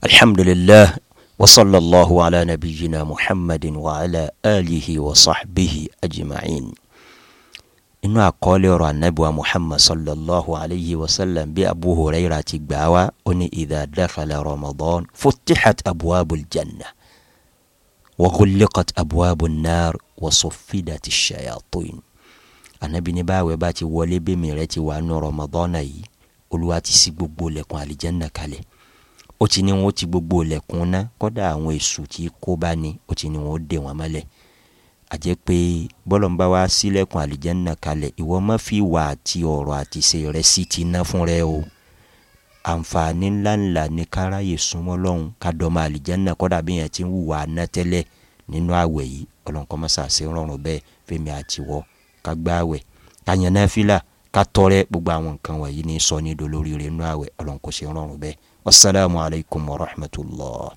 الحمد لله وصلى الله على نبينا محمد وعلى آله وصحبه أجمعين inú àkọọ́lẹ̀ ọ̀rọ̀ anábìwá muhammad sallallahu alayhi wa sallam bí abu huraira ti gbà wá ó ní idha dakhala ramadan futihat abwabul janna wa ghulliqat abwabun nar wa suffidat ash-shayatin anábì ní báwẹ̀ bá ti wọlé bẹ́ẹ̀ mi rẹ̀ ti wà nù ramadan yìí olúwa ti ṣí gbogbo lẹ̀kùn àlìjẹ́nà kalẹ̀ ó ti ní wọn ó ti gbogbo ilẹ̀kùn ná kódà àwọn èṣù tí kó bá ní ó ti ní wọn ó dè wọ́n mọ́lẹ̀ àjẹ́ pé bọ́lọ̀mbá wa sílẹ̀kùn àlìjẹ́nà kalẹ̀ ìwọ má fi wà àti ọ̀rọ̀ àti ṣe rẹ sí ti ná fún rẹ o àǹfààní ńláńlá ní káráyè súnmọ́ lọ́hùn kádọ́mọ àlìjẹ́nà kódà bí yẹn ti ń wùwà ná tẹ́lẹ̀ nínú àwẹ̀ yìí ọlọ́nkọ́ mọ́sàsì rọrùn bẹ́ẹ̀ fẹ́mi àtiwọ́ kágbáwẹ̀ káyẹn náà fìlà ká tọrẹ gbogbo àwọn nǹkan wọ̀nyí ní sọ ní dolórí rẹ̀ nínú àwẹ̀ ọlọ́run rọrùn bẹ́ẹ̀ wasalaamualeykum wa rahmatulah.